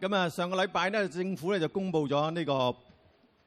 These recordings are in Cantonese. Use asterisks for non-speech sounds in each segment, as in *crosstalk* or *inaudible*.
咁啊，上個禮拜咧，政府咧就公布咗呢個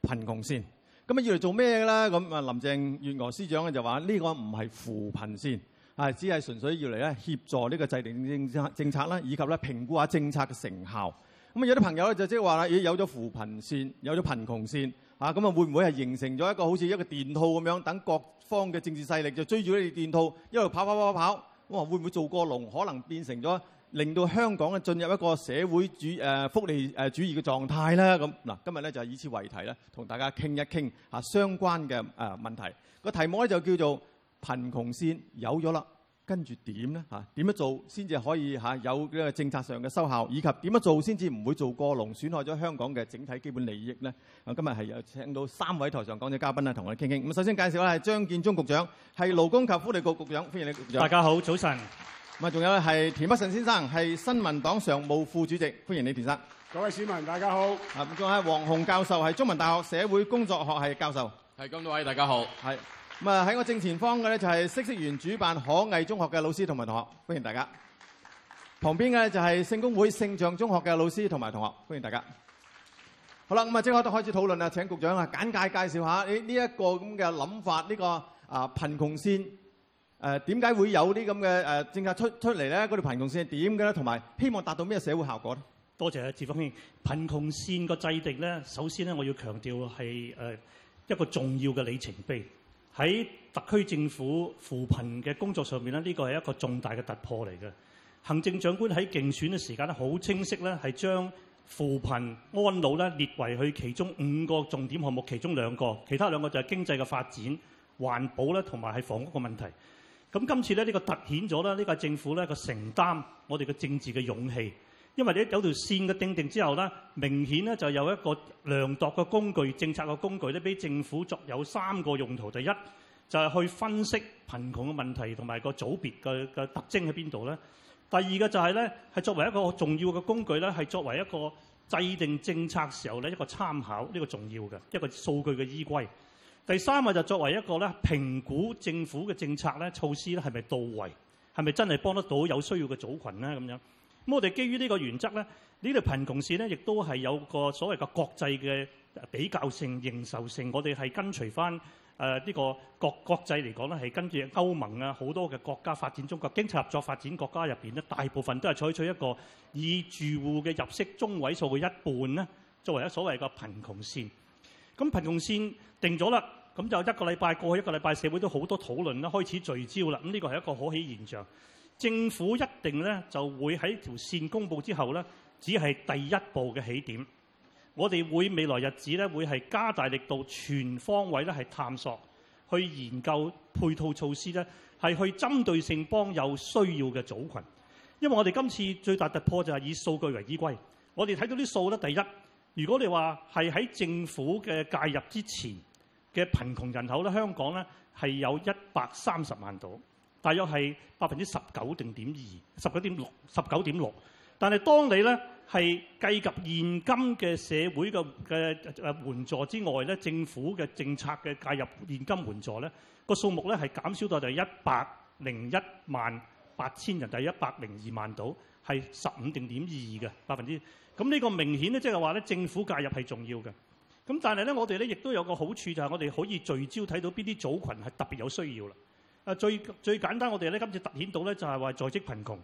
貧窮線。咁啊，要嚟做咩嘅咧？咁啊，林鄭月娥司長咧就話：呢個唔係扶貧線，啊，只係純粹要嚟咧協助呢個制定政策政策啦，以及咧評估下政策嘅成效。咁啊，有啲朋友咧就即係話啦，如果有咗扶貧線，有咗貧窮線，啊，咁啊，會唔會係形成咗一個好似一個電兔咁樣，等各方嘅政治勢力就追住呢條電兔一路跑跑跑跑，咁哇！會唔會做過龍，可能變成咗？令到香港咧進入一個社會主誒福利誒主義嘅狀態咧。咁嗱，今日咧就以此為題咧，同大家傾一傾嚇相關嘅誒問題。個題目咧就叫做貧窮線有咗啦，跟住點咧嚇？點樣做先至可以嚇有呢個政策上嘅收效，以及點樣做先至唔會做過龍，損害咗香港嘅整體基本利益咧？啊，今日係有請到三位台上講者嘉賓啊，同我哋傾傾。咁首先介紹咧，係張建宗局長，係勞工及福利局局長，歡迎你，局長。大家好，早晨。咁啊，仲有咧，係田北辰先生，係新民黨常務副主席，歡迎你田生。各位市民，大家好。咁仲有黃洪教授，係中文大學社會工作學系教授。係，咁多位大家好。係咁啊，喺我正前方嘅咧就係嗇色園主辦可藝中學嘅老師同埋同學，歡迎大家。旁邊嘅就係聖公會聖匠中學嘅老師同埋同學，歡迎大家。好啦，咁啊，即刻都開始討論啦。請局長啊，簡介介紹下呢呢一個咁嘅諗法，呢個啊貧窮線。誒點解會有啲咁嘅誒政策出出嚟咧？嗰條貧窮線點嘅咧？同埋希望達到咩社會效果咧？多謝啊，志方兄。貧窮線個制定咧，首先咧，我要強調係誒一個重要嘅里程碑喺特區政府扶貧嘅工作上面咧，呢個係一個重大嘅突破嚟嘅。行政長官喺競選嘅時間咧，好清晰咧，係將扶貧安老咧列為佢其中五個重點項目，其中兩個，其他兩個就係經濟嘅發展、環保咧，同埋係房屋嘅問題。咁今次咧呢個突顯咗咧呢個政府咧個承擔我哋嘅政治嘅勇氣，因為呢有條線嘅定定之後咧，明顯咧就有一個量度嘅工具、政策嘅工具咧，俾政府作有三個用途。第一就係去分析貧窮嘅問題同埋個組別嘅嘅特徵喺邊度咧。第二個就係咧係作為一個重要嘅工具咧，係作為一個制定政策時候咧一個參考，呢個重要嘅一個數據嘅依歸。第三個就作為一個咧評估政府嘅政策咧措施咧係咪到位，係咪真係幫得到有需要嘅組群咧咁樣。咁我哋基於呢個原則咧，呢條貧窮線咧亦都係有個所謂嘅國際嘅比較性、認受性。我哋係跟隨翻誒呢個國國際嚟講咧，係跟住歐盟啊好多嘅國家發展中國經濟合作發展國家入邊咧，大部分都係採取一個以住戶嘅入息中位數嘅一半咧，作為一所謂嘅貧窮線。咁貧窮線定咗啦，咁就一個禮拜過去，一個禮拜社會都好多討論啦，開始聚焦啦。咁呢個係一個可喜現象。政府一定咧就會喺條線公布之後咧，只係第一步嘅起點，我哋會未來日子咧會係加大力度全方位咧係探索，去研究配套措施咧係去針對性幫有需要嘅組群，因為我哋今次最大突破就係以數據為依歸，我哋睇到啲數咧，第一。如果你話係喺政府嘅介入之前嘅貧窮人口咧，香港咧係有一百三十萬到，大約係百分之十九定點二、十九點六、十九點六。但係當你咧係計及現金嘅社會嘅嘅誒援助之外咧，政府嘅政策嘅介入現金援助咧，個數目咧係減少到就一百零一萬八千人，就係一百零二萬到，係十五定點二嘅百分之。咁呢個明顯咧，即係話咧，政府介入係重要嘅。咁但係咧，我哋咧亦都有個好處，就係我哋可以聚焦睇到邊啲組群係特別有需要啦。啊，最最簡單，我哋咧今次突顯到咧，就係話在職貧窮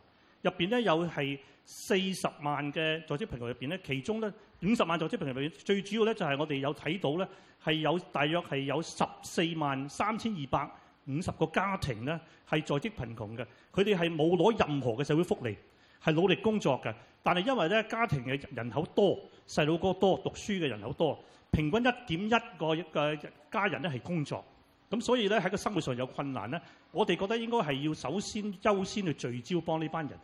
入面咧，有係四十萬嘅在職貧窮入面咧，其中咧五十萬在職貧窮入面，最主要咧就係我哋有睇到咧，係有大約係有十四萬三千二百五十個家庭咧係在職貧窮嘅，佢哋係冇攞任何嘅社會福利，係努力工作嘅。但係因為咧家庭嘅人口多，細路哥多，讀書嘅人口多，平均一點一個嘅家人咧係工作，咁所以咧喺個生活上有困難咧，我哋覺得應該係要首先優先去聚焦幫呢班人。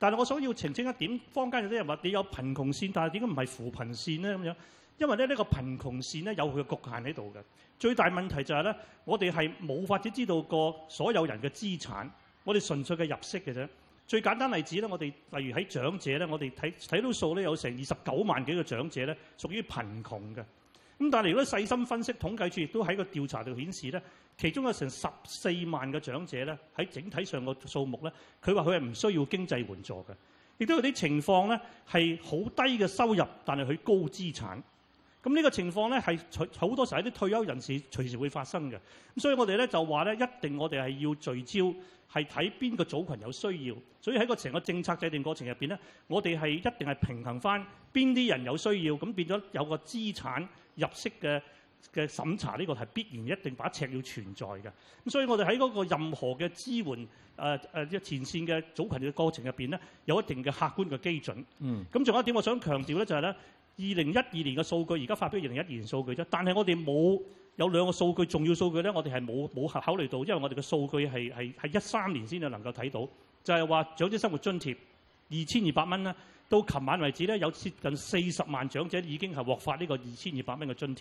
但係我想要澄清一點，坊間有啲人話你有貧窮線，但係點解唔係扶貧線咧咁樣？因為咧呢個貧窮線咧有佢嘅局限喺度嘅。最大問題就係咧，我哋係冇法子知道過所有人嘅資產，我哋純粹嘅入息嘅啫。最簡單例子咧，我哋例如喺長者咧，我哋睇睇到數咧有成二十九萬幾個長者咧，屬於貧窮嘅。咁但係如果細心分析統計處，亦都喺個調查度顯示咧，其中有成十四萬嘅長者咧，喺整體上個數目咧，佢話佢係唔需要經濟援助嘅。亦都有啲情況咧係好低嘅收入，但係佢高資產。咁呢個情況咧係好多時候啲退休人士隨時會發生嘅。咁所以我哋咧就話咧，一定我哋係要聚焦。係睇邊個組群有需要，所以喺個成個政策制定過程入邊咧，我哋係一定係平衡翻邊啲人有需要，咁變咗有個資產入息嘅嘅審查呢個係必然一定把尺要存在嘅。咁所以我哋喺嗰個任何嘅支援誒誒即係前線嘅組群嘅過程入邊咧，有一定嘅客觀嘅基準。嗯。咁仲有一點我想強調咧，就係咧，二零一二年嘅數據而家發表二零一二年數據啫，但係我哋冇。有兩個數據，重要數據咧，我哋係冇冇考慮到，因為我哋嘅數據係係係一三年先至能夠睇到，就係話長者生活津貼二千二百蚊啦，到琴晚為止咧，有接近四十萬長者已經係獲發呢個二千二百蚊嘅津貼。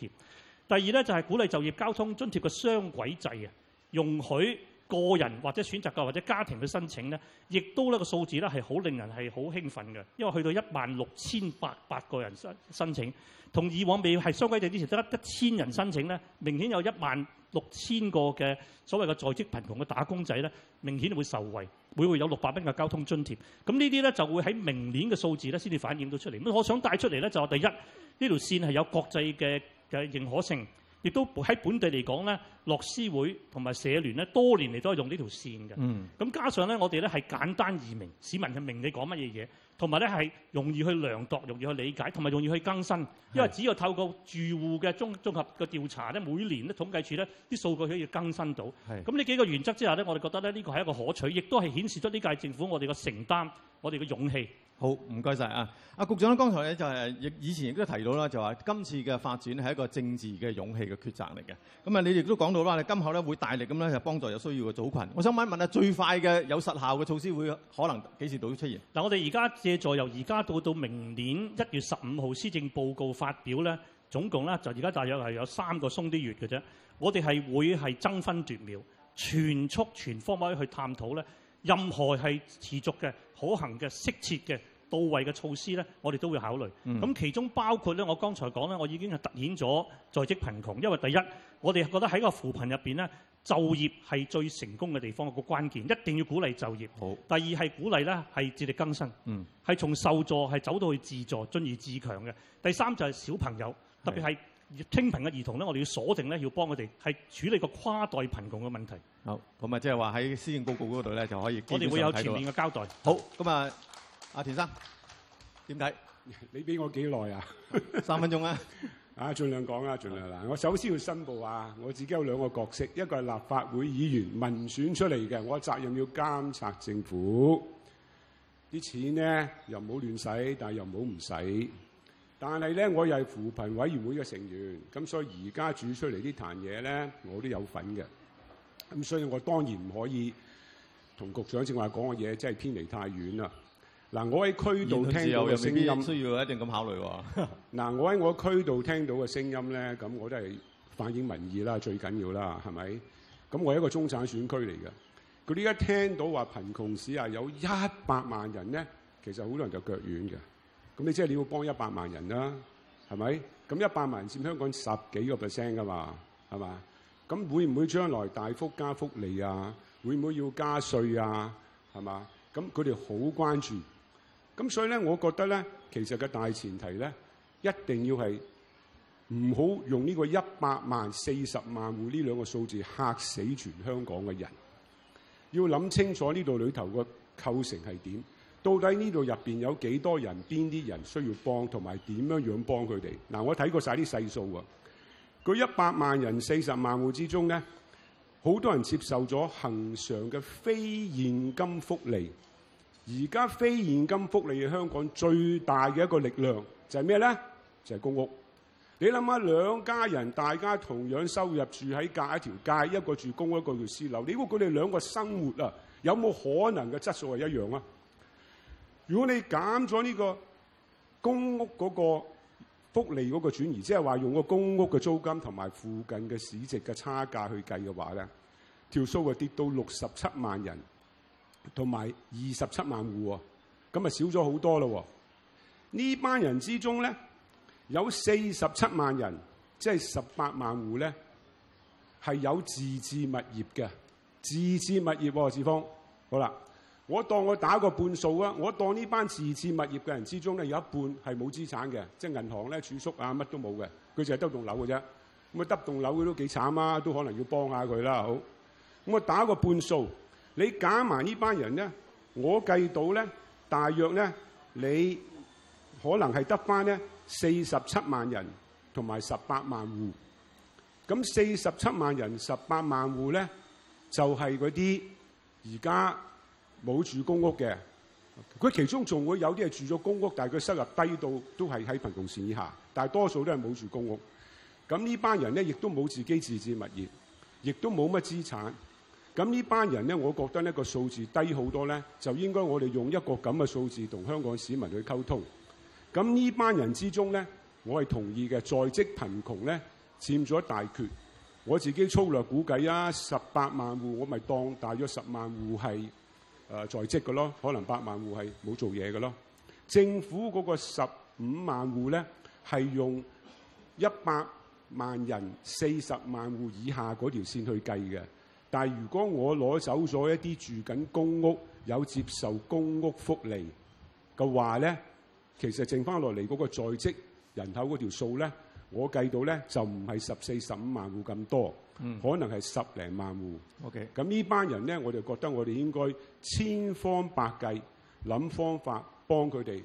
第二咧就係鼓勵就業交通津貼嘅雙軌制啊，容許個人或者選擇嘅或者家庭嘅申請咧，亦都呢個數字咧係好令人係好興奮嘅，因為去到一萬六千八百個人申申請，同以往未係雙軌制之前得一千人申請咧，明顯有一萬六千個嘅所謂嘅在職貧窮嘅打工仔咧，明顯會受惠，每個月有六百蚊嘅交通津貼。咁呢啲咧就會喺明年嘅數字咧先至反映到出嚟。咁我想帶出嚟咧就係第一，呢條線係有國際嘅嘅認可性。亦都喺本地嚟講咧，樂施會同埋社聯咧多年嚟都係用呢條線嘅。咁、嗯、加上咧，我哋咧係簡單易明，市民係明，明你講乜嘢嘢，同埋咧係容易去量度、容易去理解，同埋容易去更新。是因為只要透過住戶嘅綜綜合嘅調查咧，每年咧統計處咧啲數據可以更新到。咁呢是幾個原則之下咧，我哋覺得咧呢個係一個可取，亦都係顯示出呢屆政府我哋嘅承擔，我哋嘅勇氣。好，唔該晒啊！阿局長。剛才咧就係、是、亦以前亦都提到啦，就話今次嘅發展係一個政治嘅勇氣嘅抉擇嚟嘅。咁啊，你亦都講到啦，你今後咧會大力咁咧去幫助有需要嘅組群。我想問一問啊，最快嘅有實效嘅措施會可能幾時到出現？嗱，我哋而家借助由而家到到明年一月十五號施政報告發表咧，總共咧就而家大約係有三個鬆啲月嘅啫。我哋係會係爭分奪秒、全速全方位去探討咧，任何係持續嘅。可行嘅適切嘅到位嘅措施咧，我哋都會考慮。咁、嗯、其中包括咧，我剛才講咧，我已經係突顯咗在職貧窮。因為第一，我哋覺得喺個扶貧入面咧，就業係最成功嘅地方、嗰個關鍵，一定要鼓勵就業。好。第二係鼓勵咧，係自力更生，係從、嗯、受助係走到去自助，進而自強嘅。第三就係小朋友，特別係，清貧嘅兒童咧，我哋要鎖定咧，要幫佢哋係處理個跨代貧窮嘅問題。好，咁啊，即係話喺施政報告嗰度咧，就可以。我哋會有前面嘅交代。好，咁啊，阿田生點睇？你俾我幾耐啊？三分鐘啊！ *laughs* 啊，儘量講啊，儘量啦，我首先要申報啊！我自己有兩個角色，一個係立法會議員，民選出嚟嘅，我責任要監察政府啲錢咧，又唔好亂使，但係又唔好唔使。但係咧，我又係扶貧委員會嘅成員，咁所以而家煮出嚟啲壇嘢咧，我都有份嘅。咁所以我當然唔可以同局長正話講嘅嘢，真係偏離太遠啦。嗱、啊，我喺區度聽到聲音，需要我一定咁考慮。嗱、 *laughs* 啊，我喺我區度聽到嘅聲音咧，咁我都係反映民意啦，最緊要啦，係咪？咁我係一個中產選區嚟嘅，佢呢家聽到話貧窮線啊有一百萬人咧，其實好多人就腳軟嘅。咁你即係你要幫一百萬人啦、啊，係咪？咁一百萬人佔香港十幾個 percent 㗎嘛，係嘛？咁會唔會將來大幅加福利啊？會唔會要加稅啊？係嘛？咁佢哋好關注。咁所以咧，我覺得咧，其實嘅大前提咧，一定要係唔好用呢個一百萬、四十萬戶呢兩個數字嚇死全香港嘅人。要諗清楚呢度裏頭個構成係點。到底呢度入邊有幾多人？邊啲人需要幫，同埋點樣樣幫佢哋？嗱，我睇過晒啲細數啊！佢一百萬人四十萬戶之中咧，好多人接受咗恒常嘅非現金福利。而家非現金福利嘅香港最大嘅一個力量就係咩咧？就係公屋。你諗下兩家人，大家同樣收入，住喺隔一條街，一個住公屋，一個住私樓，你估佢哋兩個生活啊，有冇可能嘅質素係一樣啊？如果你減咗呢個公屋嗰個福利嗰個轉移，即係話用個公屋嘅租金同埋附近嘅市值嘅差價去計嘅話咧，條數啊跌到六十七萬人，同埋二十七萬戶喎，咁啊少咗好多咯喎！呢班人之中咧，有四十七萬人，即係十八萬戶咧，係有自置物業嘅，自置物業喎、啊，志峰，好啦。我當我打個半數啊！我當呢班自置物業嘅人之中咧，有一半係冇資產嘅，即係銀行咧儲蓄啊，乜都冇嘅，佢就係得棟樓嘅啫。咁啊，得棟樓佢都幾慘啊，都可能要幫下佢啦，好。咁啊，打個半數，你減埋呢班人咧，我計到咧，大約咧，你可能係得翻咧四十七萬人同埋十八萬戶。咁四十七萬人、十八萬戶咧，就係嗰啲而家。冇住公屋嘅，佢其中仲會有啲係住咗公屋，但係佢收入低到都係喺貧窮線以下。但係多數都係冇住公屋。咁呢班人咧，亦都冇自己自置物業，亦都冇乜資產。咁呢班人咧，我覺得呢個數字低好多咧，就應該我哋用一個咁嘅數字同香港市民去溝通。咁呢班人之中咧，我係同意嘅，在職貧窮咧佔咗一大橛。我自己粗略估計啊，十八萬戶，我咪當大約十萬戶係。誒、呃、在職嘅咯，可能八萬戶係冇做嘢嘅咯。政府嗰個十五萬戶咧，係用一百萬人四十萬戶以下嗰條線去計嘅。但係如果我攞走咗一啲住緊公屋、有接受公屋福利嘅話咧，其實剩翻落嚟嗰個在職人口嗰條數咧，我計到咧就唔係十四十五萬戶咁多。嗯、可能係十零萬戶，ok，咁呢班人咧，我就覺得我哋應該千方百計諗方法幫佢哋，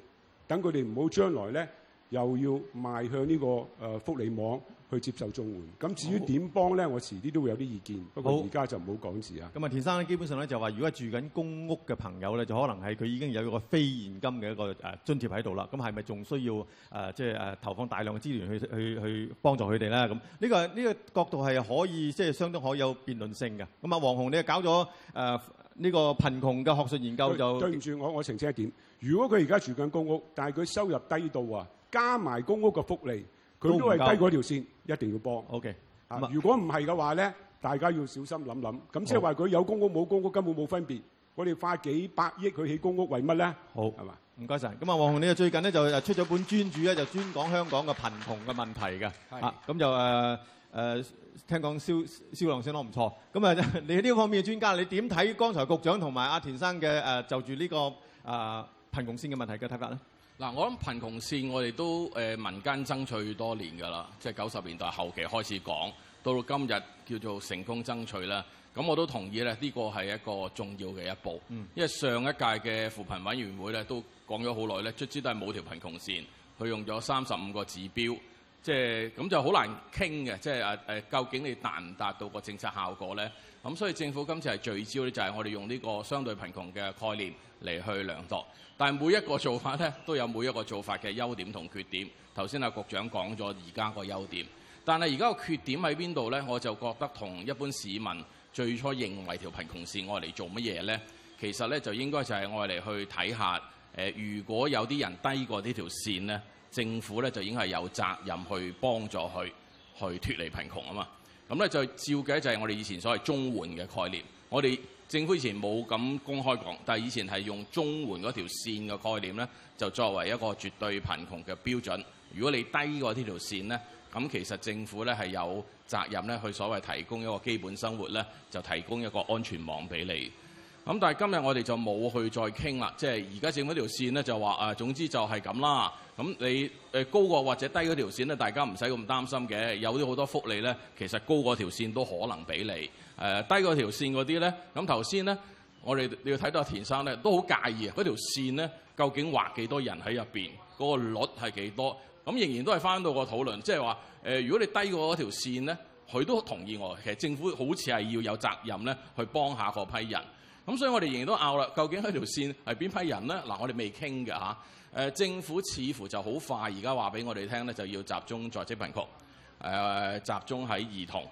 等佢哋唔好將來咧又要邁向呢、這個誒、呃、福利網。去接受綜援，咁至於點幫咧？好我遲啲都會有啲意見，不過而家就唔好講住啊。咁啊，田生咧，基本上咧就話，如果住緊公屋嘅朋友咧，就可能係佢已經有一個非現金嘅一個津貼喺度啦。咁係咪仲需要即係、呃就是、投放大量嘅資源去去去幫助佢哋咧？咁呢、呢個呢、呢個角度係可以即係、就是、相當可以有辯論性嘅。咁啊，黃洪你搞咗誒呢個貧窮嘅學術研究就對唔住我，我澄清一點：如果佢而家住緊公屋，但係佢收入低到啊，加埋公屋嘅福利。佢都係低嗰條線，一定要幫。O.K. 啊，如果唔係嘅話咧，大家要小心諗諗。咁即係話佢有公屋冇公屋根本冇分別。我哋花幾百億去起公屋為乜咧？好，係嘛？唔該曬。咁啊，黃洪，你最近咧就出咗本專注咧，就專講香港嘅貧窮嘅問題嘅。係。咁就誒誒，聽講銷銷量相當唔錯。咁啊，你呢方面嘅專家，你點睇剛才局長同埋阿田生嘅誒就住呢個啊貧窮線嘅問題嘅睇法咧？嗱，我諗貧窮線，我哋都誒民間爭取多年㗎啦，即係九十年代後期開始講，到到今日叫做成功爭取啦。咁我都同意咧，呢個係一個重要嘅一步，因為上一屆嘅扶貧委員會咧都講咗好耐咧，卒之都係冇條貧窮線，佢用咗三十五個指標，即係咁就好難傾嘅，即係誒誒，究竟你達唔達到個政策效果咧？咁、嗯、所以政府今次係聚焦咧，就係我哋用呢個相對貧窮嘅概念嚟去量度。但係每一個做法咧，都有每一個做法嘅優點同缺點。頭先阿局長講咗而家個優點，但係而家個缺點喺邊度呢？我就覺得同一般市民最初認為條貧窮線愛嚟做乜嘢呢？其實呢，就應該就係愛嚟去睇下，誒、呃、如果有啲人低過呢條線呢，政府呢，就已經係有責任去幫助佢去脱離貧窮啊嘛。咁咧就照計就係我哋以前所謂綜援嘅概念。我哋政府以前冇咁公開講，但係以前係用綜援嗰條線嘅概念咧，就作為一個絕對貧窮嘅標準。如果你低過呢條線咧，咁其實政府咧係有責任咧去所謂提供一個基本生活咧，就提供一個安全網俾你。咁但係今日我哋就冇去再傾啦，即係而家政府條線咧就話誒、呃，總之就係咁啦。咁你誒高過或者低嗰條線咧，大家唔使咁擔心嘅。有啲好多福利咧，其實高過條線都可能俾你誒、呃，低過條線嗰啲咧。咁頭先咧，我哋你要睇到阿田生咧都好介意嗰條線咧，究竟劃幾多人喺入邊，嗰、嗰個率係幾多？咁仍然都係翻到個討論，即係話誒，如果你低過嗰條線咧，佢都同意我。其實政府好似係要有責任咧，去幫下嗰批人。咁所以我哋仍然都拗啦。究竟喺條線係邊批人咧？嗱，我哋未傾嘅嚇。誒、啊，政府似乎就好快而家話俾我哋聽咧，就要集中在職貧窮，誒、呃，集中喺兒童。咁、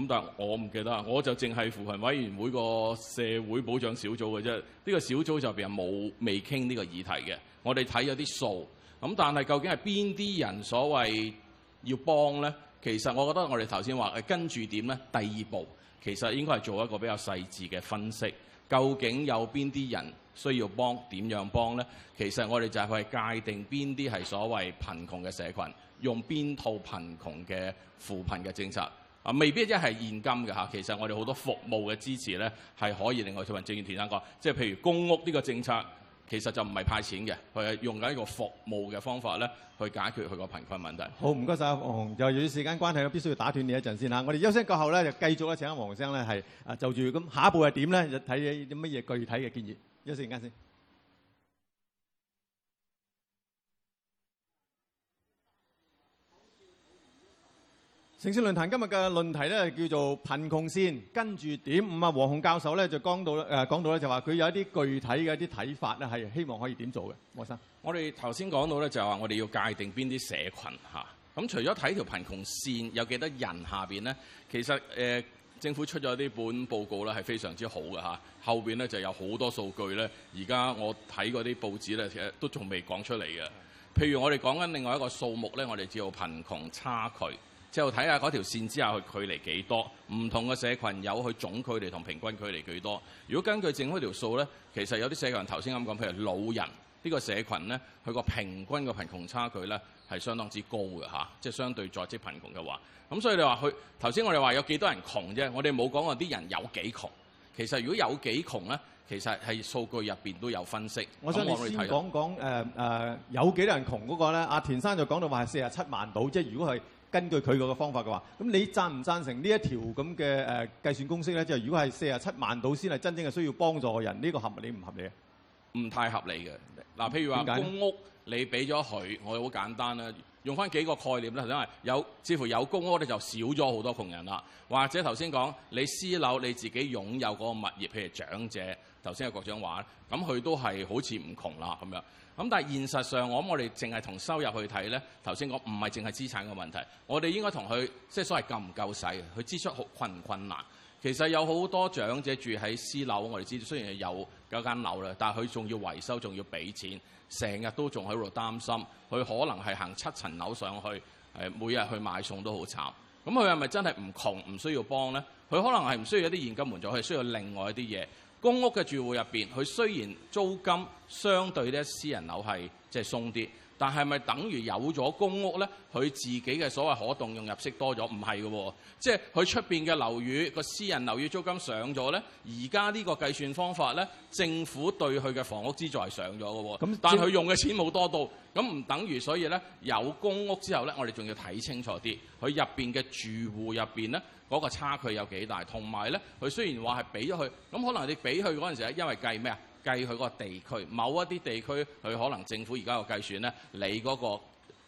嗯、但係我唔記得啦，我就淨係扶貧委員會個社會保障小組嘅啫。呢、這個小組入邊係冇未傾呢個議題嘅。我哋睇咗啲數，咁、嗯、但係究竟係邊啲人所謂要幫咧？其實我覺得我哋頭先話誒跟住點咧？第二步其實應該係做一個比較細緻嘅分析。究竟有邊啲人需要幫？點樣幫呢？其實我哋就係去界定邊啲係所謂貧窮嘅社群，用邊套貧窮嘅扶貧嘅政策啊？未必一係現金嘅㗎。其實我哋好多服務嘅支持呢，係可以令外財政議員提醒過，即係譬如公屋呢個政策。其實就唔係派錢嘅，佢係用緊一個服務嘅方法咧，去解決佢個貧困問題。好，唔該曬黃洪，由於時間關係，必須要打斷你一陣先嚇。我哋休息過後咧，就繼續咧請阿黃生咧係啊就住咁下一步係點咧？就睇下啲乜嘢具體嘅建議。休息陣間先。城市論壇今日嘅論題咧叫做貧窮線，跟住點？五啊，黃洪教授咧就講到誒、呃，講到咧就話佢有一啲具體嘅一啲睇法咧，係希望可以點做嘅，莫生。我哋頭先講到咧就係話我哋要界定邊啲社群。嚇、啊。咁除咗睇條貧窮線有幾多人下邊咧，其實誒、呃、政府出咗呢本報告咧係非常之好嘅嚇、啊。後邊咧就有好多數據咧，而家我睇嗰啲報紙咧其實都仲未講出嚟嘅。譬如我哋講緊另外一個數目咧，我哋叫做貧窮差距。之後睇下嗰條線之下佢距離幾多，唔同嘅社群有佢總距離同平均距離幾多。如果根據政府條數呢，其實有啲社群頭先噉講，譬如老人呢個社群呢，佢個平均嘅貧窮差距呢係相當之高嘅嚇，即係相對在職貧窮嘅話。咁所以你話佢頭先我哋話有幾多人窮啫？我哋冇講話啲人有幾窮。其實如果有幾窮呢？其實係數據入邊都有分析。我想你先講講誒誒，呃呃、有幾多人窮嗰個咧？阿田生就講到話係四十七萬度，即係如果係根據佢個方法嘅話，咁你贊唔贊成呢一條咁嘅誒計算公式咧？即係如果係四十七萬度先係真正係需要幫助人，呢、呢個合理唔合理？唔太合理嘅。嗱、啊，譬如話公屋，你俾咗佢，我好簡單啦。用翻幾個概念咧，因為有似乎有公屋咧就少咗好多窮人啦。或者頭先講你私樓，你自己擁有嗰個物業，譬如長者，頭先有局長話咧，咁佢都係好似唔窮啦咁樣。咁但係現實上，我諗我哋淨係同收入去睇咧，頭先講唔係淨係資產嘅問題，我哋應該同佢即係所謂夠唔夠使，佢支出好困唔困難。其實有好多長者住喺私樓，我哋知道雖然有有間樓啦，但佢仲要維修，仲要俾錢，成日都仲喺度擔心佢可能係行七層樓上去，每日去買餸都好慘。咁佢係咪真係唔窮唔需要幫呢？佢可能係唔需要一啲現金援助，佢需要另外一啲嘢。公屋嘅住戶入面，佢雖然租金相對呢，私人樓係即係鬆啲。但係咪等於有咗公屋咧？佢自己嘅所謂可動用入息多咗，唔係嘅喎。即係佢出面嘅樓宇個私人樓宇租金上咗咧，而家呢個計算方法咧，政府對佢嘅房屋資助係上咗嘅喎。但係佢用嘅錢冇多到，咁唔等於所以咧有公屋之後咧，我哋仲要睇清楚啲，佢入面嘅住戶入面咧嗰個差距有幾大，同埋咧佢雖然話係俾咗佢，咁可能你俾佢嗰陣時咧，因為計咩啊？計佢個地區，某一啲地區，佢可能政府而家有計算咧，你嗰、那個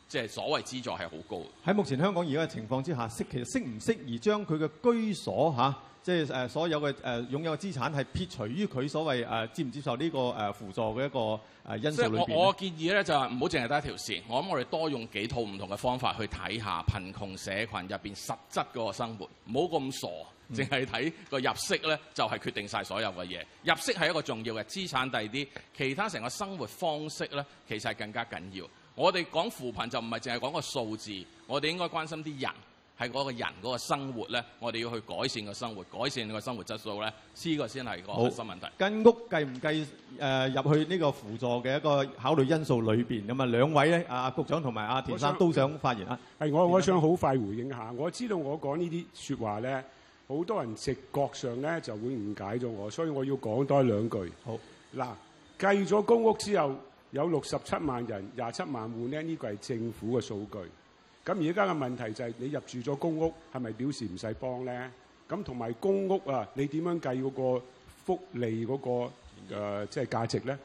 即係、就是、所謂資助係好高。喺目前香港而家嘅情況之下，適其實適唔適宜將佢嘅居所吓。啊即係誒所有嘅誒擁有嘅資產係撇除於佢所謂誒、呃、接唔接受呢個誒、呃、輔助嘅一個誒因素裏邊。我建議咧就係唔好淨係得一條線，我諗我哋多用幾套唔同嘅方法去睇下貧窮社群入邊實質嗰個生活，唔好咁傻，淨係睇個入息咧就係決定晒所有嘅嘢。入息係一個重要嘅資產，第二啲其他成個生活方式咧其實係更加緊要。我哋講扶貧就唔係淨係講個數字，我哋應該關心啲人。係我個人嗰個生活咧，我哋要去改善個生活，改善個生活質素咧，呢個先係個核心問題。跟屋計唔計誒入去呢個輔助嘅一個考慮因素裏邊咁啊？兩位咧，啊局長同埋啊田生都想發言啊。係，我我想好快回應下，我知道我講呢啲説話咧，好多人直覺上咧就會誤解咗我，所以我要講多兩句。好嗱，計咗公屋之後，有六十七萬人，廿七萬戶咧，呢個係政府嘅數據。咁而家嘅問題就係你入住咗公屋，係咪表示唔使幫咧？咁同埋公屋啊，你點樣計嗰個福利嗰個誒，即係價值咧？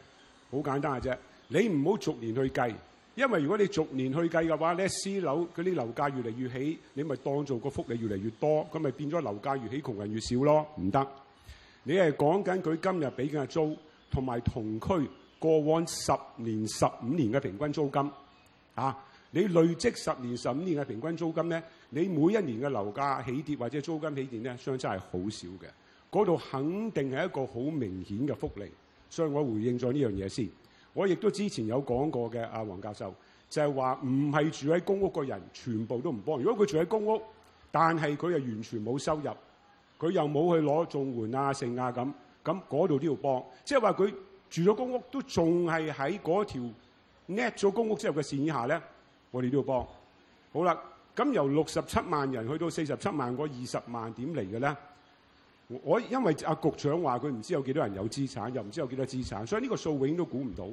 好簡單嘅啫，你唔好逐年去計，因為如果你逐年去計嘅話，呢一私樓嗰啲樓價越嚟越起，你咪當做個福利越嚟越多，咁咪變咗樓價越起，窮人越少咯，唔得。你係講緊佢今日俾嘅租，同埋同區過往十年、十五年嘅平均租金，啊。你累積十年、十五年嘅平均租金咧，你每一年嘅樓價起跌或者租金起跌咧，相差係好少嘅。嗰度肯定係一個好明顯嘅福利，所以我回應咗呢樣嘢先。我亦都之前有講過嘅，阿、啊、黃教授就係話唔係住喺公屋嘅人全部都唔幫。如果佢住喺公屋，但係佢又完全冇收入，佢又冇去攞綜援啊、剩啊咁咁，嗰度都要幫。即係話佢住咗公屋都仲係喺嗰條 net 咗公屋之後嘅線以下咧。我哋都要幫，好啦，咁由六十七萬人去到四十七萬個二十萬點嚟嘅咧？我因為阿局長話佢唔知有幾多人有資產，又唔知有幾多資產，所以呢個數永遠都估唔到。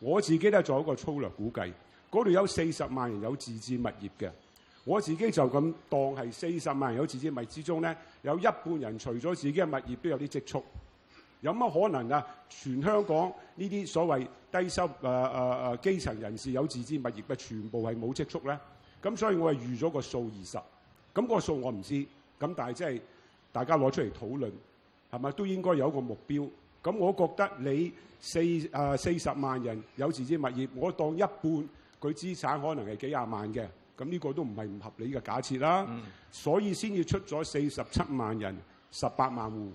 我自己咧，做一個粗略估計，嗰度有四十萬人有自置物業嘅，我自己就咁當係四十萬人有自置物業之中咧，有一半人除咗自己嘅物業都有啲積蓄。有乜可能啊？全香港呢啲所謂低收啊啊啊基層人士有自置物業嘅，全部係冇積蓄咧？咁所以我係預咗個數二十，咁個數我唔知，咁但係即係大家攞出嚟討論，係咪都應該有一個目標？咁我覺得你四啊四十萬人有自置物業，我當一半佢資產可能係幾廿萬嘅，咁呢個都唔係唔合理嘅假設啦。嗯、所以先至出咗四十七萬人，十八萬戶。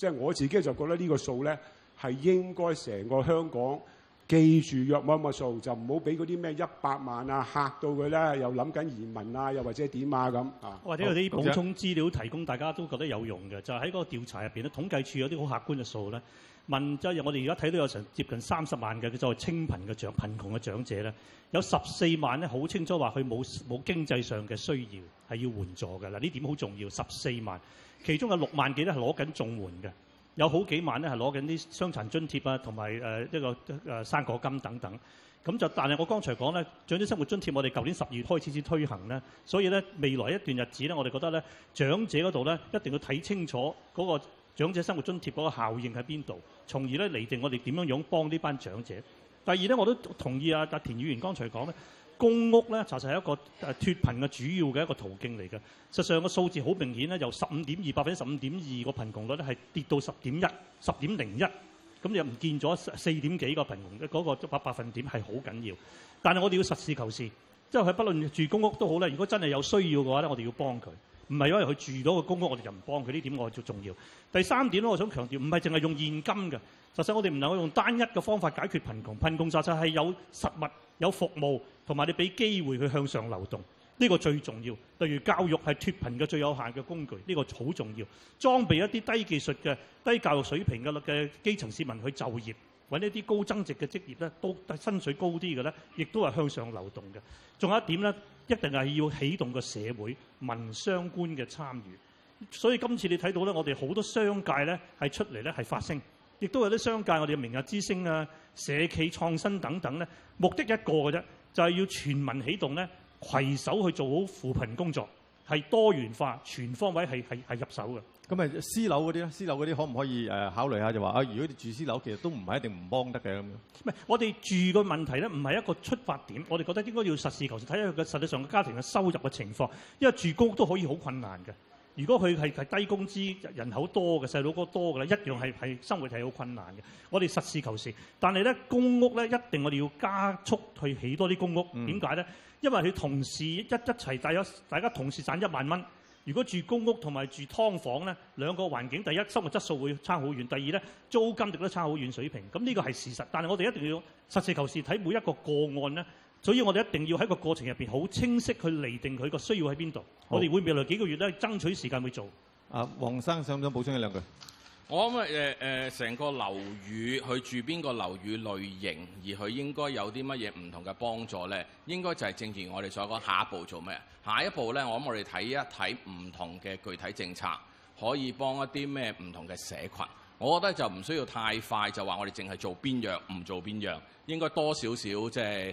即係我自己就覺得呢個數咧係應該成個香港記住約莫一萬數，就唔好俾嗰啲咩一百萬啊嚇到佢啦，又諗緊移民啊，又或者點啊咁啊。啊或者有啲補充資料提供，大家都覺得有用嘅，就喺嗰個調查入面，咧，統計處有啲好客觀嘅數咧。問就係我哋而家睇到有成接近三十萬嘅，叫做清貧嘅長貧窮嘅長者咧。有十四萬咧，好清楚話佢冇冇經濟上嘅需要係要援助嘅啦。呢點好重要，十四萬。其中有六萬幾咧係攞緊綜援嘅，有好幾萬咧係攞緊啲傷殘津貼啊，同埋一個誒、呃、生果金等等。咁就但係我剛才講咧，長者生活津貼我哋舊年十二月開始先推行咧，所以咧未來一段日子咧，我哋覺得咧長者嗰度咧一定要睇清楚嗰個長者生活津貼嗰個效應喺邊度，從而咧嚟定我哋點樣樣幫呢班長者。第二咧，我都同意啊，田議員剛才講咧。公屋咧，其實實係一個誒脫貧嘅主要嘅一個途徑嚟嘅。實際上個數字好明顯咧，由十五點二百分之十五點二個貧窮率咧，係跌到十點一十點零一，咁又唔見咗四點幾個貧窮嘅嗰個百百分點係好緊要。但係我哋要實事求是，就係，即係不論住公屋都好咧，如果真係有需要嘅話咧，我哋要幫佢。唔係因為佢住到個公屋，我哋就唔幫佢呢點，我最重要。第三點咧，我想強調，唔係淨係用現金嘅。實際我哋唔能夠用單一嘅方法解決貧窮、貧窮實際，係有實物、有服務，同埋你俾機會佢向上流動，呢個最重要。例如教育係脫貧嘅最有限嘅工具，呢個好重要。裝備一啲低技術嘅、低教育水平嘅嘅基層市民去就業，揾一啲高增值嘅職業咧，都薪水高啲嘅咧，亦都係向上流動嘅。仲有一點咧。一定係要啟動個社會民、商、官嘅參與，所以今次你睇到咧，我哋好多商界咧係出嚟咧係發聲，亦都有啲商界我哋嘅明日之星啊、社企創新等等咧，目的一個嘅啫，就係、是、要全民起動咧，攜手去做好扶貧工作。係多元化、全方位係係係入手嘅。咁啊，私樓嗰啲咧，私樓嗰啲可唔可以誒、呃、考慮下？就話啊，如果你住私樓，其實都唔係一定唔幫得嘅。咁樣唔係，我哋住個問題咧，唔係一個出發點。我哋覺得應該要實事求是睇下佢嘅實際上嘅家庭嘅收入嘅情況。因為住公屋都可以好困難嘅。如果佢係係低工資、人口多嘅、細佬哥多嘅咧，一樣係係生活係好困難嘅。我哋實事求是，但係咧公屋咧一定我哋要加速去起多啲公屋。點解咧？因為佢同時一一齊大家，大家同時賺一萬蚊。如果住公屋同埋住劏房呢，兩個環境第一，生活質素會差好遠，第二呢，租金亦都差好遠水平。咁呢個係事實，但係我哋一定要實事求是睇每一個個案呢，所以我哋一定要喺個過程入面好清晰去釐定佢個需要喺邊度。好我哋會未來幾個月咧爭取時間去做。阿黃、啊、生想唔想補充一兩句？我諗咪誒誒成個樓宇，佢住邊個樓宇類型，而佢應該有啲乜嘢唔同嘅幫助咧？應該就係正如我哋所講，下一步做咩？下一步咧，我諗我哋睇一睇唔同嘅具體政策，可以幫一啲咩唔同嘅社群。我覺得就唔需要太快就話我哋淨係做邊樣唔做邊樣，應該多少少即係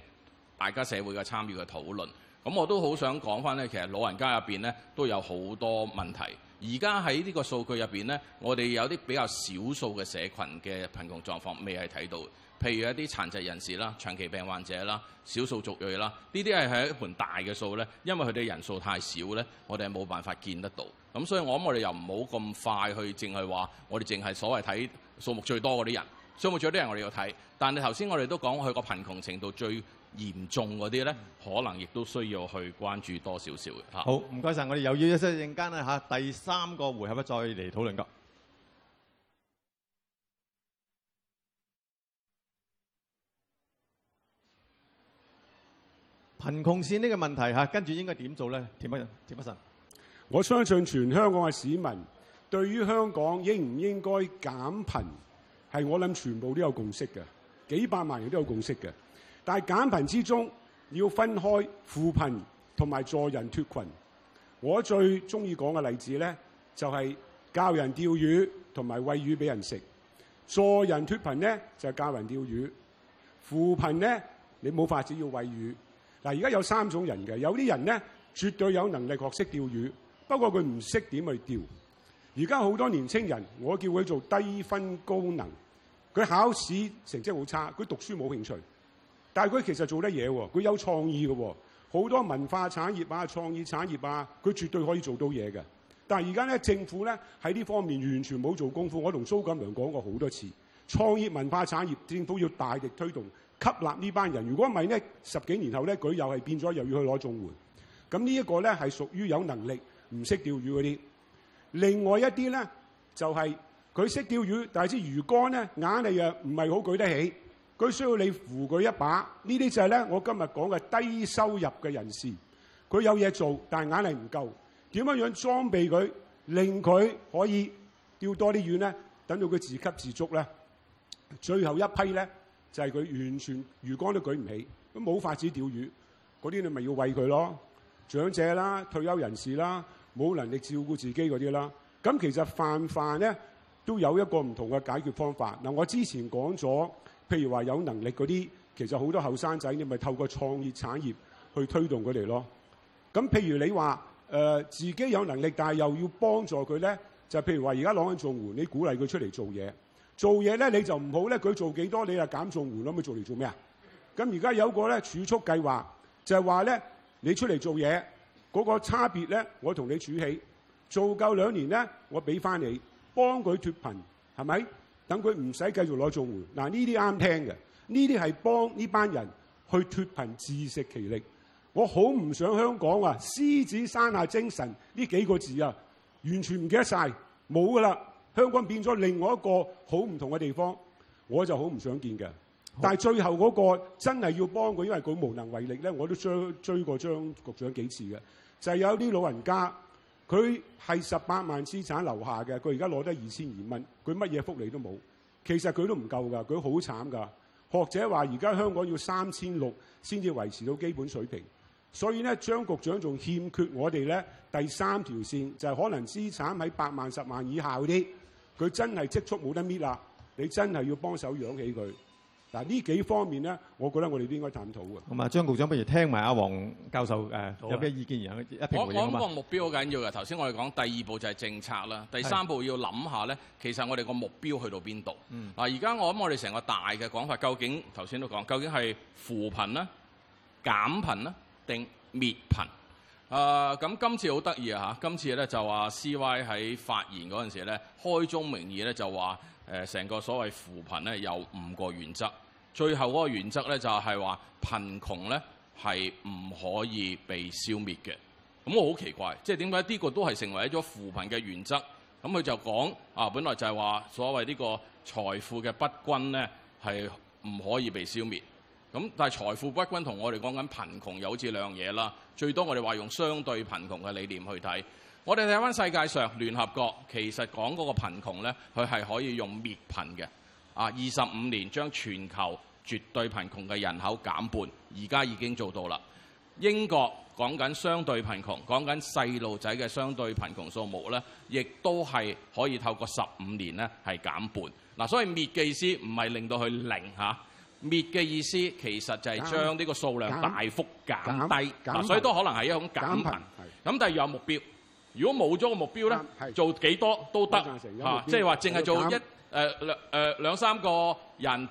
大家社會嘅參與嘅討論。咁我都好想講翻咧，其實老人家入邊咧都有好多問題。而家喺呢個數據入邊呢，我哋有啲比較少數嘅社群嘅貧窮狀況未係睇到，譬如一啲殘疾人士啦、長期病患者啦、少數族裔啦，呢啲係係一盤大嘅數呢，因為佢哋人數太少呢，我哋係冇辦法見得到。咁所以我諗我哋又唔好咁快去，淨係話我哋淨係所謂睇數目最多嗰啲人，數目最多嘅人我哋要睇，但係頭先我哋都講佢個貧窮程度最嚴重嗰啲咧，可能亦都需要去關注多少少嘅嚇。好，唔該晒，我哋又要休息陣間咧嚇，第三個回合咧再嚟討論個貧窮線呢個問題嚇，跟、啊、住應該點做咧？田北田北辰，北辰，我相信全香港嘅市民對於香港應唔應該減貧，係我諗全部都有共識嘅，幾百萬人都有共識嘅。但係減貧之中要分開扶貧同埋助人脫貧。我最中意講嘅例子咧，就係教人釣魚同埋餵魚俾人食。助人脫貧咧就係教人釣魚，扶貧咧你冇法子要餵魚。嗱，而家有三種人嘅，有啲人咧絕對有能力學識釣魚，不過佢唔識點去釣。而家好多年青人，我叫佢做低分高能，佢考試成績好差，佢讀書冇興趣。但係佢其實做得嘢喎，佢有創意嘅喎，好多文化產業啊、創意產業啊，佢絕對可以做到嘢嘅。但係而家咧，政府咧喺呢方面完全冇做功夫。我同蘇錦樑講過好多次，創業文化產業政府要大力推動，吸納呢班人。如果唔係呢，十幾年後咧，佢又係變咗，又要去攞綜援。咁呢一個咧係屬於有能力唔識釣魚嗰啲，另外一啲咧就係佢識釣魚，但係支魚竿咧眼力弱，唔係好舉得起。佢需要你扶佢一把，呢啲就係咧，我今日講嘅低收入嘅人士，佢有嘢做，但係眼力唔夠，點樣樣裝備佢，令佢可以釣多啲魚咧？等到佢自給自足咧，最後一批咧就係佢完全魚竿都舉唔起，咁冇法子釣魚嗰啲，你咪要餵佢咯。長者啦、退休人士啦、冇能力照顧自己嗰啲啦，咁其實泛泛咧都有一個唔同嘅解決方法。嗱，我之前講咗。譬如話有能力嗰啲，其實好多後生仔，你咪透過創業產業去推動佢哋咯。咁譬如你話誒、呃、自己有能力，但又要幫助佢咧，就係、是、譬如話而家攞緊做援，你鼓勵佢出嚟做嘢。做嘢咧你就唔好咧，佢做幾多你又減做緩咁咪做嚟做咩啊？咁而家有個咧儲蓄計劃，就係話咧你出嚟做嘢嗰、那個差別咧，我同你儲起，做夠兩年咧，我俾翻你幫佢脫貧，係咪？等佢唔使繼續攞綜援，嗱呢啲啱聽嘅，呢啲係幫呢班人去脫貧，自食其力。我好唔想香港啊！獅子山下精神呢幾個字啊，完全唔記得晒。冇㗎啦！香港變咗另外一個好唔同嘅地方，我就好唔想見嘅。好但係最後嗰、那個真係要幫佢，因為佢無能為力咧，我都追追過張局長幾次嘅，就係、是、有啲老人家。佢係十八萬資產留下嘅，佢而家攞得二千二蚊，佢乜嘢福利都冇。其實佢都唔夠㗎，佢好慘㗎。學者話而家香港要三千六先至維持到基本水平，所以咧張局長仲欠缺我哋咧第三條線，就係可能資產喺八萬、十萬以下嗰啲，佢真係積蓄冇得搣啦，你真係要幫手養起佢。嗱呢幾方面咧，我覺得我哋都應該探討嘅。咁啊，張局長，不如聽埋阿黃教授誒、呃啊、有咩意見，然後一併回應啊。我我覺得個目標好緊要嘅。頭先、嗯、我哋講第二步就係政策啦，第三步要諗下咧，其實我哋個目標去到邊度？嗱、嗯，而家我諗我哋成個大嘅講法，究竟頭先都講，究竟係扶貧呢？減貧呢？定滅貧？誒、呃，咁今次好得意啊！嚇，今次咧就話 C Y 喺發言嗰陣時咧，開宗明義咧就話誒，成、呃、個所謂扶貧咧有五個原則。最後嗰個原則咧就係話貧窮咧係唔可以被消滅嘅，咁我好奇怪，即係點解呢個都係成為一種扶貧嘅原則？咁佢就講啊，本來就係話所謂呢個財富嘅不均咧係唔可以被消滅。咁但係財富不均同我哋講緊貧窮又好似兩樣嘢啦。最多我哋話用相對貧窮嘅理念去睇，我哋睇翻世界上聯合國其實講嗰個貧窮咧，佢係可以用滅貧嘅啊，二十五年將全球絕對貧窮嘅人口減半，而家已經做到啦。英國講緊相對貧窮，講緊細路仔嘅相對貧窮數目咧，亦都係可以透過十五年咧係減半。嗱、啊，所以滅嘅意思唔係令到佢零吓、啊，滅嘅意思其實就係將呢個數量大幅減低。減減減減啊、所以都可能係一種減貧。咁但係有目標，如果冇咗個目標咧，做幾多都得吓，即係話淨係做一誒兩誒兩三個人。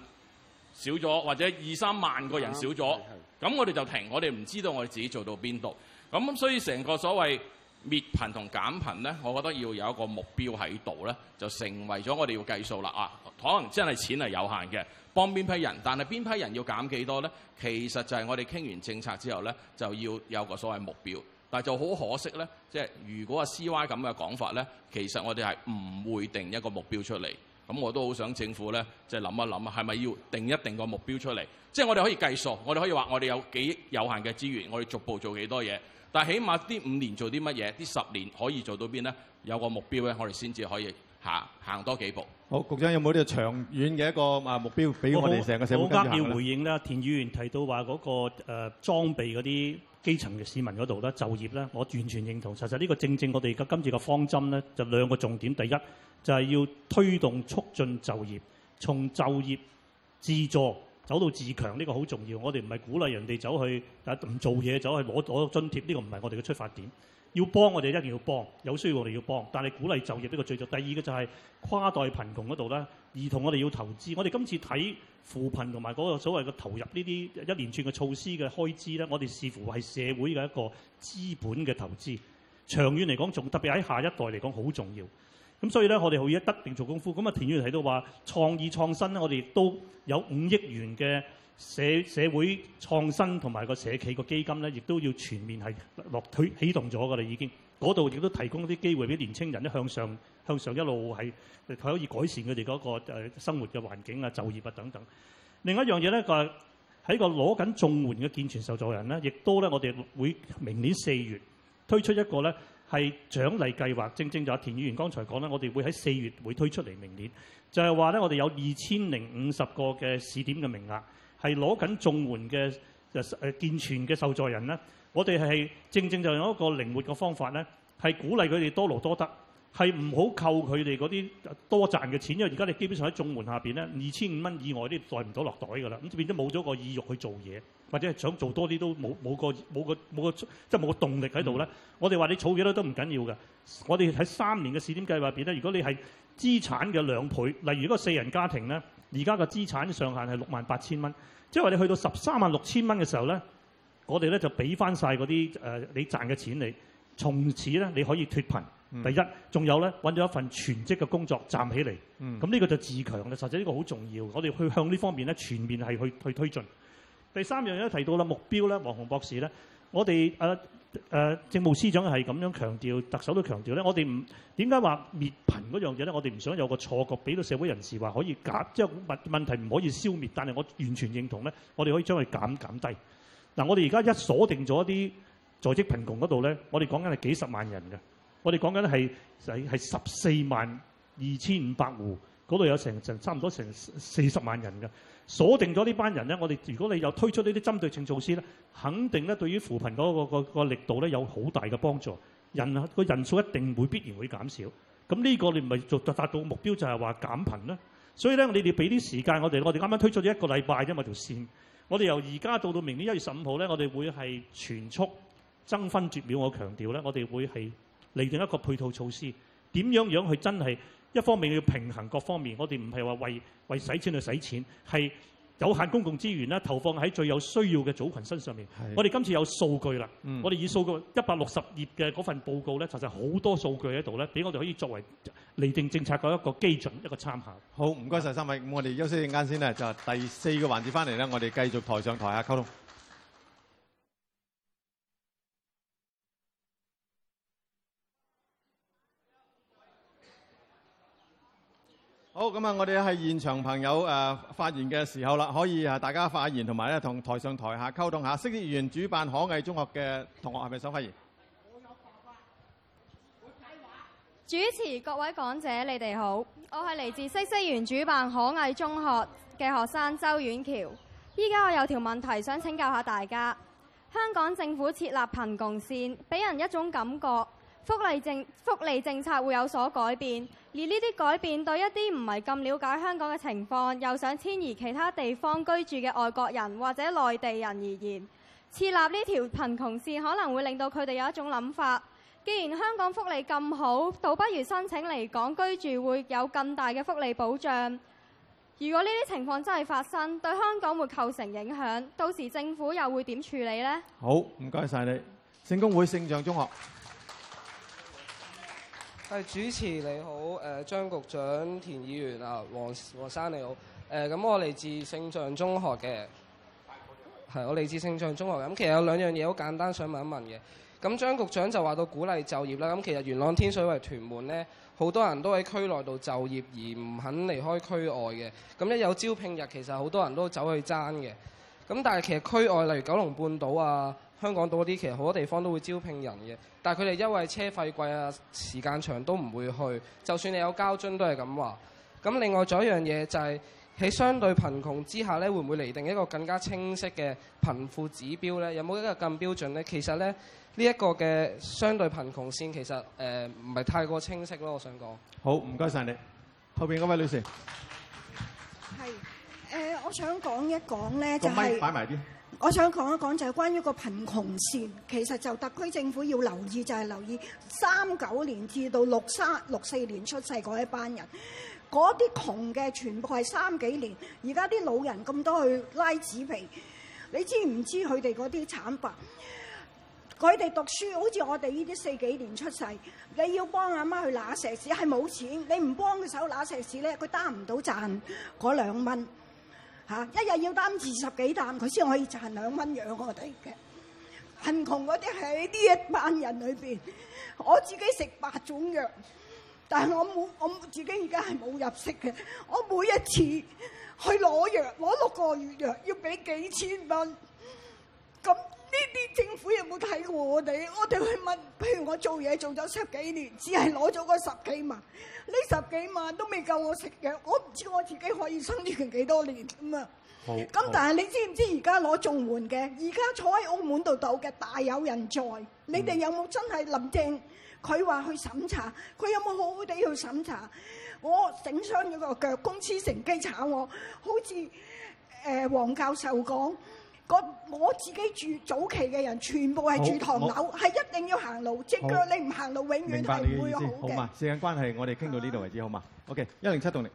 少咗或者二三萬個人少咗，咁我哋就停。我哋唔知道我哋自己做到邊度，咁所以成個所謂滅貧同減貧呢，我覺得要有一個目標喺度呢，就成為咗我哋要計數啦啊！可能真係錢係有限嘅，幫邊批人？但係邊批人要減幾多呢，其實就係我哋傾完政策之後呢，就要有個所謂目標。但係就好可惜呢，即係如果阿 C Y 咁嘅講法呢，其實我哋係唔會定一個目標出嚟。咁我都好想政府咧，即係諗一諗啊，係咪要定一定個目標出嚟？即係我哋可以計數，我哋可以話我哋有幾億有限嘅資源，我哋逐步做幾多嘢。但係起碼呢五年做啲乜嘢，呢十年可以做到邊咧？有個目標咧，我哋先至可以行行多幾步。好，局長有冇呢個長遠嘅一個啊目標俾我哋成個社會緊我，我家要回應呢，田議員提到話嗰個，呃，裝備嗰啲基層嘅市民嗰度咧就業咧，我完全認同。實實呢個正正我哋今今次嘅方針咧，就兩個重點，第一。就係要推動促進就業，從就業自助走到自強，呢個好重要。我哋唔係鼓勵人哋走去，唔做嘢走去攞攞津貼，呢個唔係我哋嘅出發點。要幫我哋，一定要幫，有需要我哋要幫。但係鼓勵就業呢個最重要。第二嘅就係跨代貧窮嗰度咧，兒童我哋要投資。我哋今次睇扶貧同埋嗰個所謂嘅投入呢啲一連串嘅措施嘅開支咧，我哋視乎係社會嘅一個資本嘅投資，長遠嚟講仲特別喺下一代嚟講好重要。咁所以咧，我哋好一得定做功夫。咁啊，田議員提到話創意創新咧，我哋亦都有五億元嘅社社會創新同埋個社企嘅基金咧，亦都要全面係落推啟動咗噶啦，已經嗰度亦都提供一啲機會俾年青人咧，向上向上一路係佢可以改善佢哋嗰個誒生活嘅環境啊、就業啊等等。另一樣嘢咧，一個喺個攞緊綜援嘅健全受助人咧，亦都咧我哋會明年四月推出一個咧，係獎勵計劃，正正就話田議員剛才講啦，我哋會喺四月會推出嚟，明年就係話呢，我哋有二千零五十個嘅試點嘅名額，係攞緊綜援嘅健全嘅受助人呢，我哋係正正就用一個靈活嘅方法呢，係鼓勵佢哋多勞多得。係唔好扣佢哋嗰啲多賺嘅錢，因為而家你基本上喺綜援下邊咧，二千五蚊以外都袋唔到落袋㗎啦，咁就變咗冇咗個意欲去做嘢，或者係想做多啲都冇冇個冇個冇個即係冇個動力喺度咧。我哋話你儲幾多都唔緊要嘅，我哋喺三年嘅試點計劃入邊咧，如果你係資產嘅兩倍，例如嗰四人家庭咧，而家個資產上限係六萬八千蚊，即係話你去到十三萬六千蚊嘅時候咧，我哋咧就俾翻晒嗰啲誒你賺嘅錢你，從此咧你可以脱貧。第一，仲有咧，揾咗一份全職嘅工作，站起嚟，咁呢個就自強啦。實際呢個好重要，我哋去向呢方面咧，全面係去去推進。第三樣嘢都提到啦，目標咧，黃洪博士咧，我哋、呃呃、政務司長係咁樣強調，特首都強調咧，我哋唔點解話滅貧嗰樣嘢咧？我哋唔想有個錯覺，俾到社會人士話可以減，即係問問題唔可以消滅，但係我完全認同咧，我哋可以將佢減減低。嗱、啊，我哋而家一鎖定咗一啲在職貧窮嗰度咧，我哋講緊係幾十萬人嘅。我哋講緊係係十四萬二千五百戶，嗰度有成成差唔多成四十萬人嘅，鎖定咗呢班人咧。我哋如果你又推出呢啲針對性措施咧，肯定咧對於扶貧嗰個個個力度咧有好大嘅幫助。人個人數一定會必然會減少。咁呢個你唔係做達到目標就係話減貧啦。所以咧，你哋俾啲時間我哋，我哋啱啱推出咗一個禮拜啫嘛條線。我哋由而家到到明年一月十五號咧，我哋會係全速爭分奪秒。我強調咧，我哋會係。釐定一個配套措施，點樣樣去真係一方面要平衡各方面，我哋唔係話為為使錢去使錢，係有限公共資源啦，投放喺最有需要嘅組群身上面。是我哋今次有數據啦，嗯、我哋以數據一百六十頁嘅嗰份報告咧，其實好多數據喺度咧，俾我哋可以作為釐定政策嘅一個基準，一個參考。好，唔該晒三位，咁我哋休息陣間先啦，就第四個環節翻嚟咧，我哋繼續台上台下溝通。好咁啊！我哋喺現場朋友誒發言嘅時候啦，可以啊大家發言，同埋咧同台上台下溝通下。嗇色園主辦可藝中學嘅同學係咪想發言？主持、各位講者，你哋好，我係嚟自嗇色園主辦可藝中學嘅學生周婉橋。依家我有條問題想請教下大家，香港政府設立貧窮線，俾人一種感覺。福利政福利政策會有所改變，而呢啲改變對一啲唔係咁了解香港嘅情況，又想遷移其他地方居住嘅外國人或者內地人而言，設立呢條貧窮線可能會令到佢哋有一種諗法。既然香港福利咁好，倒不如申請嚟港居住，會有更大嘅福利保障。如果呢啲情況真係發生，對香港會構成影響，到時政府又會點處理呢？好，唔該晒你，聖公會聖象中學。係主持你好，誒、呃、張局長、田議員啊，黃黃生你好，誒、呃、咁我嚟自聖象中學嘅，係我嚟自聖象中學，咁其實有兩樣嘢好簡單想問一問嘅，咁張局長就話到鼓勵就業啦，咁其實元朗天水圍屯門呢，好多人都喺區內度就業而唔肯離開區外嘅，咁一有招聘日其實好多人都走去爭嘅，咁但係其實區外例如九龍半島啊。香港多啲，其實好多地方都會招聘人嘅，但係佢哋因為車費貴啊、時間長都唔會去。就算你有膠樽都係咁話。咁另外仲有一樣嘢就係、是、喺相對貧窮之下呢會唔會釐定一個更加清晰嘅貧富指標呢？有冇一個更標準呢？其實呢，呢、這、一個嘅相對貧窮線，其實唔係、呃、太過清晰咯。我想講。好，唔該晒你。後邊嗰位女士。係、呃，我想講一講呢、就是，就係。個麥擺埋啲。我想講一講就係關於個貧窮線，其實就特區政府要留意，就係、是、留意三九年至到六三六四年出世嗰一班人，嗰啲窮嘅全部係三幾年，而家啲老人咁多去拉紙皮，你知唔知佢哋嗰啲慘白？佢哋讀書好似我哋呢啲四幾年出世，你要幫阿媽，媽去揦石屎，係冇錢，你唔幫佢手揦石屎咧，佢擔唔到賺嗰兩蚊。嚇、啊！一日要擔二十幾啖，佢先可以賺兩蚊養我哋嘅。貧窮嗰啲喺呢一班人裏邊，我自己食八種藥，但係我冇我自己而家係冇入息嘅，我每一次去攞藥攞六個月藥要俾幾千蚊，咁。啲政府有冇睇過我哋，我哋去問，譬如我做嘢做咗十幾年，只係攞咗個十幾萬，呢十幾萬都未夠我食藥，我唔知我自己可以生存幾多年咁啊！咁但係你知唔知而家攞綜援嘅，而家坐喺澳門度賭嘅大有人在，你哋有冇真係林鄭佢話去審查，佢有冇好好地去審查？我整傷咗個腳，公司乘機炒我，好似誒黃教授講。我自己住早期嘅人，全部係住唐樓，係一定要行路，踭腳好。你唔行路，永遠係唔會好嘅。明白你意思。好嘛，時間關係，我哋傾到呢度為止，啊、好嘛？O K，一零七到零，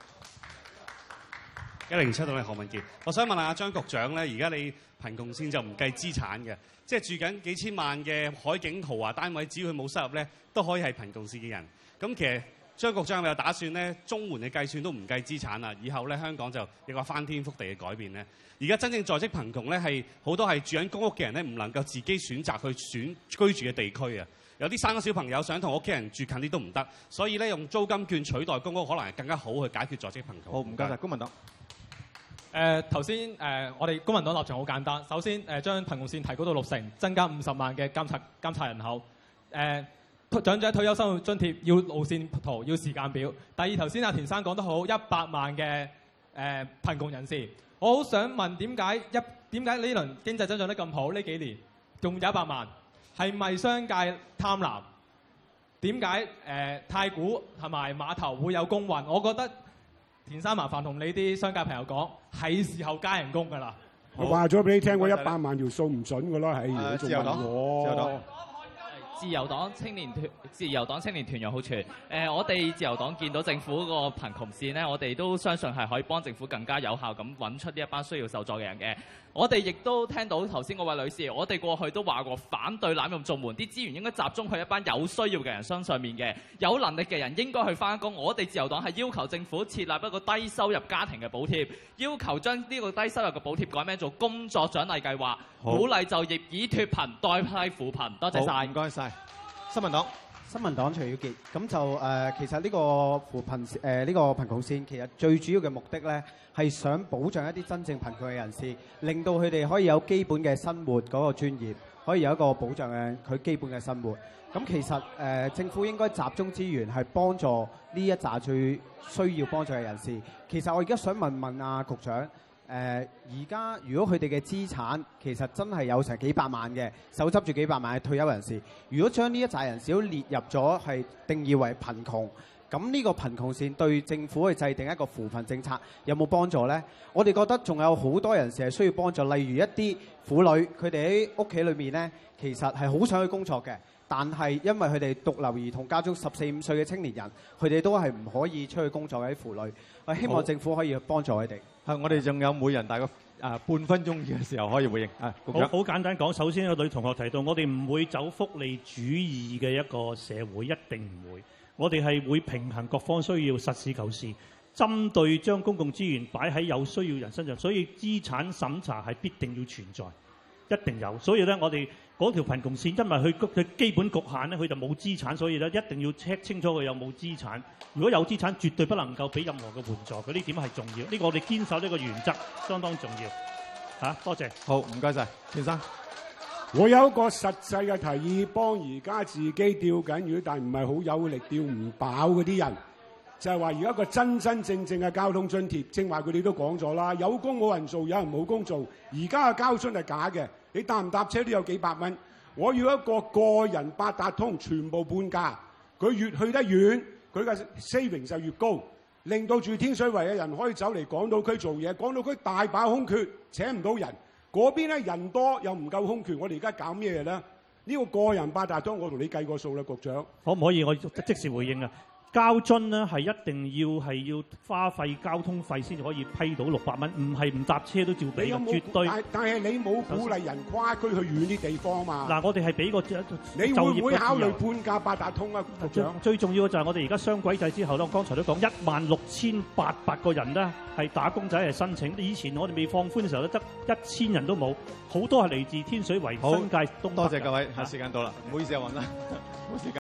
一零七到零，何文傑，我想問一下張局長咧，而家你貧窮線就唔計資產嘅，即係住緊幾千萬嘅海景豪華單位，只要佢冇收入咧，都可以係貧窮線嘅人。咁其實。張局長有打算咧？綜援嘅計算都唔計資產啦，以後咧香港就有個翻天覆地嘅改變咧。而家真正在職貧窮咧，係好多係住緊公屋嘅人咧，唔能夠自己選擇去選居住嘅地區啊。有啲生咗小朋友想同屋企人住近啲都唔得，所以咧用租金券取代公屋可能係更加好去解決在職貧窮。好，唔該晒，公民黨。誒、呃，頭先誒，我哋公民黨立場好簡單，首先誒、呃、將貧窮線提高到六成，增加五十萬嘅監察監察人口，誒、呃。長者退休生活津貼要路線圖，要時間表。第二，頭先阿田生講得好，一百萬嘅誒、呃、貧窮人士，我好想問點解一點解呢輪經濟增長得咁好呢幾年，仲有一百萬，係咪商界貪婪？點解誒太古同埋碼頭會有工運？我覺得田生麻煩同你啲商界朋友講，係時候加人工㗎啦、哎。我話咗俾你聽，我一百萬條數唔準㗎啦，係。自由黨青年團，自由黨青年團有好處誒、呃，我哋自由黨見到政府個貧窮線咧，我哋都相信係可以幫政府更加有效咁搵出呢一班需要受助嘅人嘅。我哋亦都聽到頭先嗰位女士，我哋過去都話過反對濫用做門，啲資源應該集中去一班有需要嘅人身上面嘅，有能力嘅人應該去返工。我哋自由黨係要求政府設立一個低收入家庭嘅補貼，要求將呢個低收入嘅補貼改名做工作獎勵計劃，好鼓勵就業以脫貧代派扶貧。多謝晒好，唔該晒，新民黨。新民黨徐耀傑，咁就、呃、其實呢個扶貧呢個貧窮線，呃這個、貧窮線其實最主要嘅目的咧，係想保障一啲真正貧窮嘅人士，令到佢哋可以有基本嘅生活嗰個專業，可以有一個保障嘅佢基本嘅生活。咁其實、呃、政府應該集中資源係幫助呢一紮最需要幫助嘅人士。其實我而家想問問阿、啊、局長。誒而家如果佢哋嘅資產其實真係有成幾百萬嘅，手執住幾百萬嘅退休人士，如果將呢一紮人士都列入咗係定義為貧窮，咁呢個貧窮線對政府去制定一個扶貧政策有冇幫助呢？我哋覺得仲有好多人士係需要幫助，例如一啲婦女，佢哋喺屋企裏面呢，其實係好想去工作嘅。但係，因為佢哋獨留兒童家中十四五歲嘅青年人，佢哋都係唔可以出去工作嘅婦女。我希望政府可以幫助佢哋好。係，我哋仲有每人大概啊、呃、半分鐘嘅時候可以回應啊。好，好簡單講，首先個女同學提到，我哋唔會走福利主義嘅一個社會，一定唔會。我哋係會平衡各方需要，實事求是，針對將公共資源擺喺有需要人身上，所以資產審查係必定要存在，一定有。所以咧，我哋。嗰條貧窮線，因為佢嘅基本局限咧，佢就冇資產，所以咧一定要 check 清楚佢有冇資產。如果有資產，絕對不能夠俾任何嘅援助。佢呢點係重要，呢個我哋堅守呢個原則，相當重要。嚇、啊，多謝。好，唔該晒。田生。我有一個實際嘅提議，幫而家自己釣緊魚，但唔係好有力，釣唔飽嗰啲人，就係話如果個真真正正嘅交通津貼，正話佢哋都講咗啦，有工冇人做，有人冇工做，而家嘅交津係假嘅。你搭唔搭車都有幾百蚊，我要一個個人八達通全部半價，佢越去得遠，佢嘅 saving 就越高，令到住天水圍嘅人可以走嚟港島區做嘢，港島區大把空缺請唔到人，嗰邊咧人多又唔夠空缺，我哋而家搞咩嘢咧？呢個個人八達通我同你計過數啦，局長。可唔可以我即時回應啊？交津咧係一定要係要花費交通費先至可以批到六百蚊，唔係唔搭車都照俾，絕對。但係你冇鼓勵人跨區去遠啲地方嘛？嗱、啊，我哋係俾個就業，你會唔會考慮半價八達通啊？最重要嘅就係我哋而家雙軌制之後，我剛才都講一萬六千八百個人呢係打工仔嚟申請。以前我哋未放寬嘅時候咧，得一千人都冇，好多係嚟自天水圍。好，多謝各位，下時間到啦，唔好意思啊，啦，冇時間。